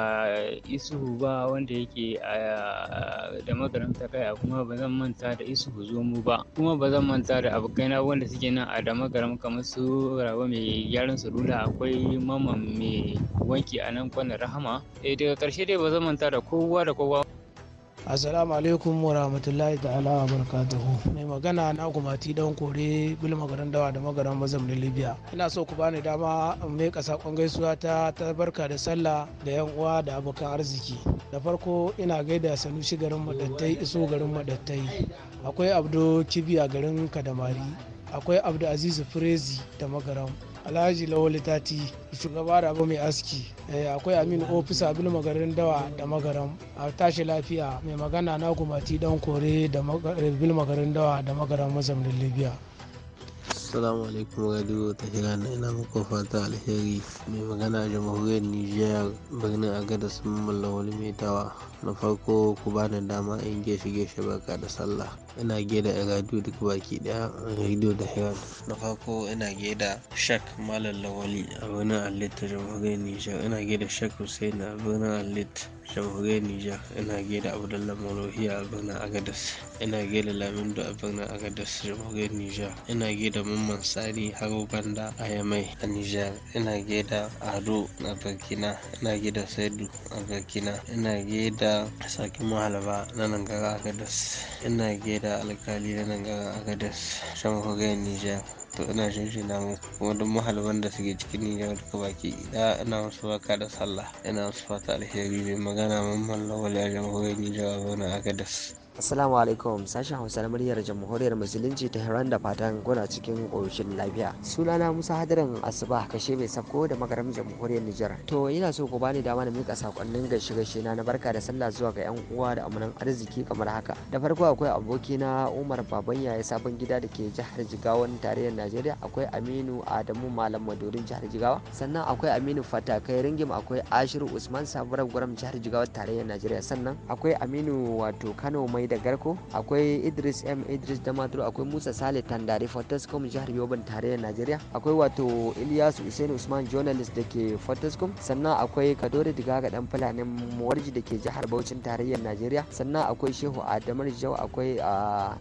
G: isuhu ba wanda yake da magaram ta kaya kuma ba zan manta da isuhu zomu ba kuma ba zan manta da abokaina wanda suke nan a da magaram kamar su rabo mai gyaran salula akwai mama mai wanki a nan kwanan rahama eh, daga karshe dai ba zan manta da kowa da kowa
I: assalamu alaikum wa rahmatullahi ta'ala wa barakatuhu mai magana na gumati
B: dan kore bil magaran dawa da magaran mazamin libya
I: ina so ku bani dama in mai kasa
B: gaisuwa ta tabarka da sallah da yan uwa da abokan arziki da farko ina gaida sanushi garin madattai iso garin madattai akwai abdo kibiya garin kadamari akwai abdu azizu firezi da magaram alhaji lawali tati
I: shugaba da abu mai aski eh, akwai aminu ofisa abin magarin dawa da magaram a tashi lafiya mai magana na gumati dan kore da bil magarin dawa da magaram mazaunin libya
J: Assalamu alaikum radio ta hira na ina muku fata alheri mai magana a jamhuriyar Nijar birnin Agada sun wani metawa na farko ku ba ni dama in gefe gefe barka da sallah ina gida a radio duk baki daya radio ta hira na farko ina gida shak malam lawali a birnin alit ta jamhuriyar Nijar ina gida shak Hussein a birnin alit jamhuriyar Nijar ina gaida Abdullah Malohiya a birnin Agadas ina gaida Lamindo a birnin Agadas jamhuriyar Nijar ina gaida Mamman Sani har Banda a Yamai a Nijar ina gaida Ado a Burkina ina gaida Saidu a Burkina ina gaida sakin Mahalaba na nan Agadas ina gaida Alkali na nan gara Agadas jamhuriyar Nijar to ina jinjina mu kuma duk mahalban da suke cikin Nijar duka baki da ina musu baka da sallah ina musu fata alheri mai magana mun mallawal a jamhuriyar
K: Nijar a zauna a Gadas. Assalamu alaikum sashen Hausa na muryar Jamhuriyar Musulunci ta Hiran da fatan kuna cikin ƙoshin lafiya. Sunana Musa Hadirin Asuba kashe mai sabko da magaram Jamhuriyar Nijar. To yana so ku bani dama na mika sakonnin gaishe gashi na barka da sallah zuwa ga yan uwa da amanan arziki kamar haka. Da farko akwai aboki na Umar Baban Yaya sabon gida da ke jihar Jigawan tarayyar Najeriya akwai Aminu Adamu Malam Madurin jihar Jigawa sannan akwai Aminu Fatakai Ringim akwai Ashiru Usman sabura Gwaram jihar Jigawa tarayyar Najeriya sannan akwai Aminu wato Kano Mai da garko akwai idris m idris damaturu akwai musa sale tandare fortescom jihar yoban tarayyar najeriya akwai wato ilyasu usain usman journalist da ke fortescom sannan akwai kadori digaga dan fulanin muwarji da ke jihar bauchin tarayyar najeriya sannan akwai shehu adamar jau akwai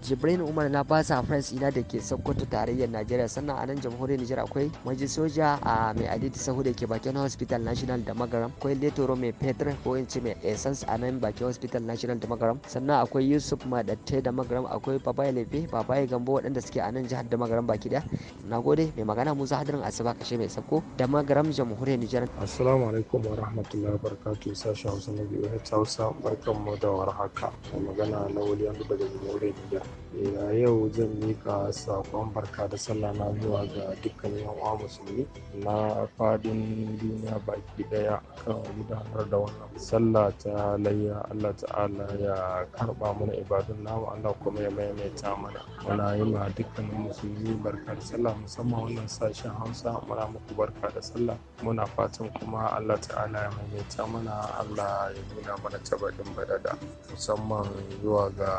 K: jibrin umar na basa france ina da ke sokoto tarayyar najeriya sannan a nan jamhuriyar nijar akwai maji soja a mai aditi sahu da ke bakin hospital national da magaram akwai letoro mai petr ko in ce mai essence a nan bakin hospital national da magaram sannan akwai yusuf madattai da magaram akwai babaye lefe babaye gambo waɗanda suke a nan jihar da magaram baki daya na gode mai magana musa hadirin asuba kashe mai sako da magaram jamhuriyar nijar assalamu
L: alaikum wa rahmatullahi wa barakatuh sashen hausa na biyu na hausa barkan mu da warhaka mai magana na wuli yanzu daga jamhuriyar nijar eh, a yau zan mika sakon barka da sallah na zuwa ga dukkanin yan uwa musulmi na fadin duniya baki daya kan gudanar da wannan sallah ta layya allah ta'ala ya karba mu mana ibadun namu Allah kuma ya maimaita mana muna yi ma dukkanin musulmi da sallah musamman wannan sashen Hausa muna muku barka da sallah muna fatan kuma Allah ta'ala ya maimaita mana Allah ya nuna mana tabadin badada musamman zuwa ga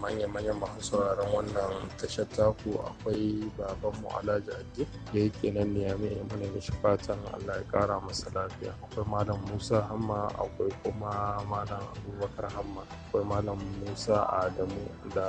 L: manya-manyan masu sauraron wannan tashar taku akwai babanmu Alhaji Addi da yake nan ne ya mai mana mishi fatan Allah ya kara masa lafiya akwai malam Musa Hamma akwai kuma malam Abubakar Hamma akwai malam Musa musa adamu da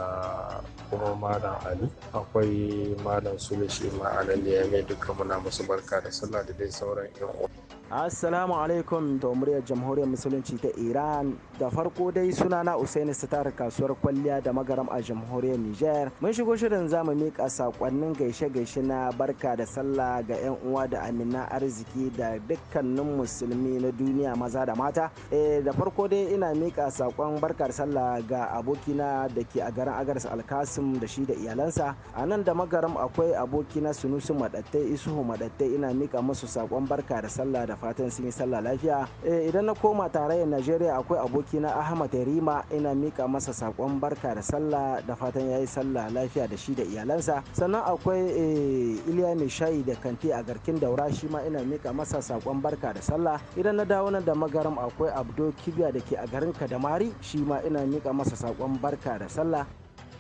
L: kuma malam ali akwai malam sule shi ma a ya mai duka muna musu barka da sallah da dai sauran yan'uwa
I: assalamu alaikum da muryar jamhuriyar musulunci ta iran da farko dai sunana usaini sitar kasuwar kwalliya da magaram a jamhuriyar niger mun shigo shirin zamu mika sakonnin gaishe-gaishe na barka da sallah ga 'yan uwa da amina arziki da dukkanin musulmi na duniya maza da mata eh, da farko dai ina mika sakon barka da sallah ga abokina da ke a garin agaris alkasim da shi da iyalansa a nan da magaram akwai abokina sunusu madattai isuhu maɗattai ina mika musu sakon barka da sallah da fatan sun yi sallah lafiya eh, idan na koma tarayyar najeriya akwai abokina. na ahmad rima ina mika masa sakon barka da sallah da fatan yayi sallah lafiya da shi da iyalansa sannan akwai eh, iliya mai shayi da kanti a garkin daura shi ma ina mika masa sakon barka da sallah idan na dawo nan da magaram akwai abdo kibiya da ke a garin kadamari shi ma ina mika masa sakon barka da sallah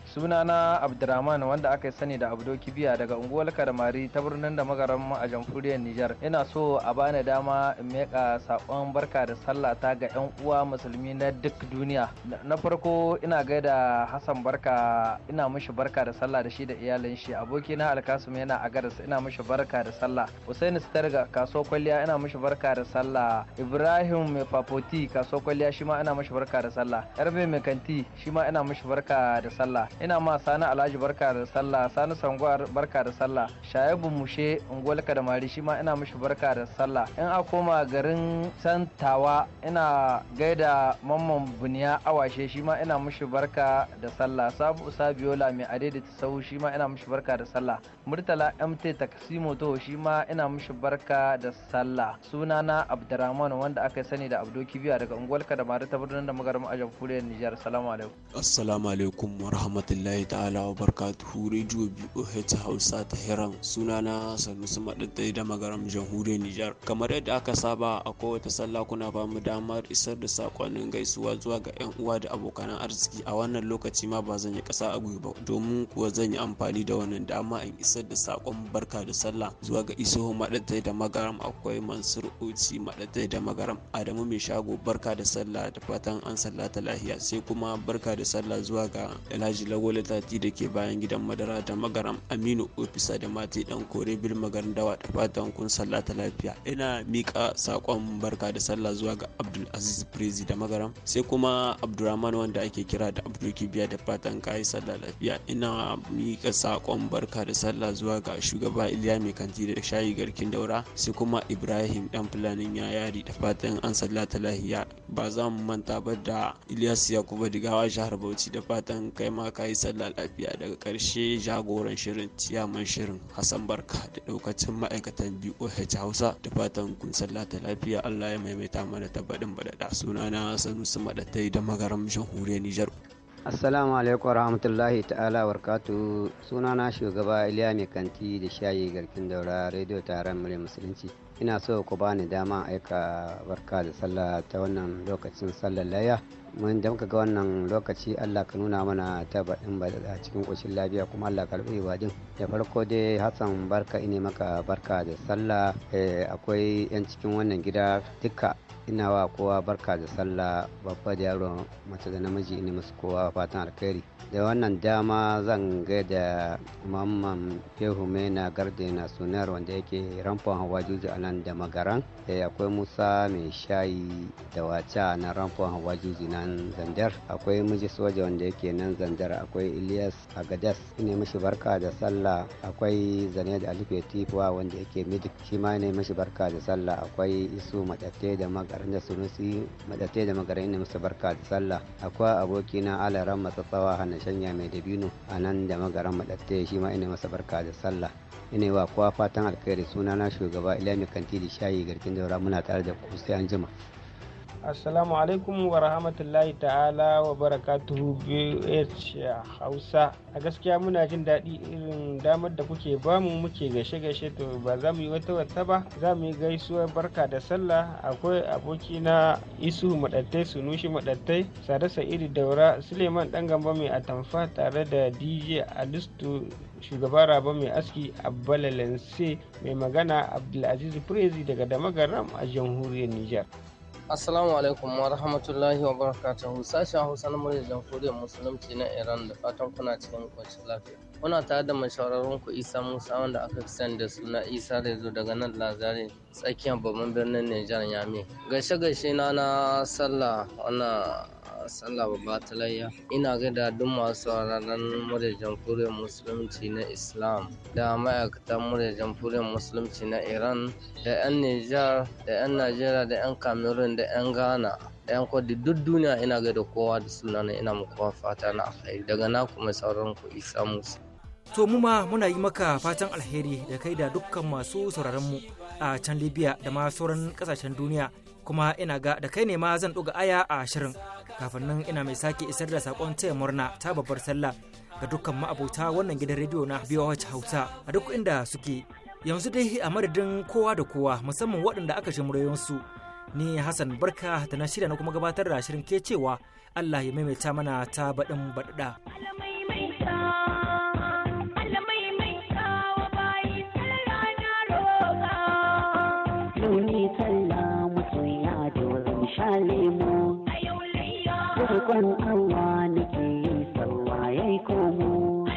M: sunana abdurrahman wanda aka sani da abdo kibiya daga unguwar karamari ta birnin da magaran a jamhuriyar nijar ina so a bani dama in meka sakon barka da sallah ta ga yan uwa musulmi na duk duniya na farko ina gaida hassan barka ina mishi barka da sallah da shi da iyalin shi aboki na alkasum yana a garas ina mishi barka da sallah husaini Sitarga kaso kwalliya ina mishi barka da sallah ibrahim mai fafoti kaso kwalliya shi ma ina mishi barka da sallah yarbe mai kanti shi ma ina mishi barka da sallah ina ma sani alhaji barka da sallah sani sangwar barka da sallah shayabu mushe ungolka da mari shi ma ina mishi barka da sallah in a koma garin santawa ina gaida mamman buniya awashe shi ma ina mishi barka da sallah sabu usa biola mai ta sahu shi ma ina mishi barka da sallah murtala mt taksimo to shi ma ina mishi barka da sallah sunana abdurrahman wanda aka sani da abdo kibiya daga ungolka da mari ta birnin da magarin a jamhuriyar nijar salamu alaikum
F: assalamu alaikum wa rahmatullahi ta'ala wa rediyo radio BOH Hausa ta suna sunana Sanusi Madaddai da magaram jamhuriyar Nijar kamar yadda aka saba a kowace sallah kuna ba mu damar isar da saƙonin gaisuwa zuwa ga yan uwa da abokan arziki a wannan lokaci ma ba zan yi ƙasa a gwiwa ba domin kuwa zan yi amfani da wannan dama in isar da saƙon barka da sallah zuwa ga Isuhu Madaddai da magaram akwai Mansur oci Madaddai da magaram Adamu mai shago barka da sallah da fatan an sallata lahiya sai kuma barka da sallah zuwa ga Alhaji dagwale tati da ke bayan gidan madara da magaram aminu ofisa da mati dan kore bil dawa da fatan kun sallata lafiya ina mika sakon barka da sallah zuwa ga abdul aziz prezi da magaram sai kuma abdurrahman wanda ake kira da abdul kibiya da fatan kayi sallah lafiya ina mika sakon barka da sallah zuwa ga shugaba iliya mai kanti da shayi garkin daura sai kuma ibrahim dan fulanin ya yari da fatan an sallata lahiya ba za mu manta ba da ilyas yakuba digawa jihar bauchi da fatan kai ma kayi yi sallah lafiya daga karshe jagoran shirin ciyaman shirin hassan barka da daukacin ma'aikatan boh hausa da fatan kun ta lafiya allah ya maimaita mana tabaɗin baɗaɗa sunana su madatai da magaram
N: jamhuriyar nijar assalamu alaikum rahmatullahi ta'ala suna sunana shugaba iliya mai kanti da shayi garkin daura rediyo taron murya musulunci ina so ku bani dama aika barka da sallah ta wannan lokacin sallar layya mun da muka ga wannan lokaci Allah ka nuna mana ta baɗin ba a cikin ƙoshin lafiya kuma Allah ka rufe baɗin da farko dai Hassan barka ine maka barka da sallah eh, akwai yan cikin wannan gida duka ina wa kowa barka da sallah babba da yaro mace da namiji ina musu kowa fatan alkhairi da wannan dama zan ga da mamman Shehu Mena Garde na sunar wanda yake ramfon hawa juji a nan da magaran eh, akwai Musa mai shayi da wata na ramfon hawa juji na nan zandar akwai miji soja wanda yake nan zandar akwai ilyas agadas ne mashi barka da sallah akwai zane da alife tifuwa wanda yake midik shi ma ne mashi barka da sallah akwai isu madatte da magarin da sunusi madatte da magarin ne musu barka da sallah akwai abokina alaran matsatsawa hana shanya mai dabino a nan da magaran madatte shi ma ina masa barka da sallah ina wa kowa fatan alkhairi sunana shugaba ilami kanti da shayi garkin daura muna tare da ku sai an jima
B: assalamu alaikum wa rahmatullahi ta'ala wa barakatuhu bh hausa a gaskiya muna jin daɗi irin damar da kuke bamu muke gaishe-gaishe to ba za mu yi wata wata ba za mu yi gaisuwar barka da sallah akwai aboki na isu maɗattai sunushi maɗattai sada sa'idu
F: daura suleiman ɗan gamba mai atamfa tare da dj alistu shugaba raba mai aski abbalalense mai magana abdulaziz prezi daga damagaram a jamhuriyar Nijar.
J: Assalamu alaikum wa rahmatullahi wa barakatuhu sashen Hausa na murya koriyar musulunci na Iran da fatan kuna cikin kwanciyar lafiya. Kuna tare da mashawararun ku Isa Musa wanda aka fi sani da suna Isa zo daga nan Lazare tsakiyar babban birnin Nijar Yami. Gaishe gaishe na na sallah wannan sallah babba ta layya ina gaida duk masu sauraron murya jamhuriyar musulunci na islam da ma'aikatan murya jamhuriyar musulunci na iran da 'yan nijar da 'yan najeriya da 'yan cameroon da 'yan ghana yan kwadi duk duniya ina gaida kowa da suna na ina muku fata na alheri daga na kuma sauran ku isa musu
D: to mu ma muna yi maka fatan alheri da kai da dukkan masu sauraron mu a can libya da ma sauran kasashen duniya kuma ina ga da kai ne ma zan ɗuga aya a shirin kafin nan ina mai sake isar da saƙon taya murna ta babbar sallah ga dukkan ma'abota wannan gidan rediyo na wacce hauta a duk inda suke yanzu dai a madadin kowa da kowa musamman waɗanda aka shi su ni Hassan Barka da na shirya na kuma gabatar da shirin ke cewa Allah ya maimaita mana ta baɗin baɗaɗa.
E: roƙon Allah nake sallah yayi komo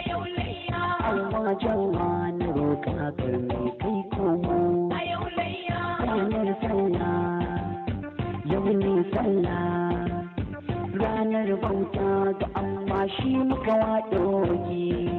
E: Allah jalla na roƙa kar mai kai komo ranar sallah yau ne sallah ranar bauta ga Allah shi muka waɗoge.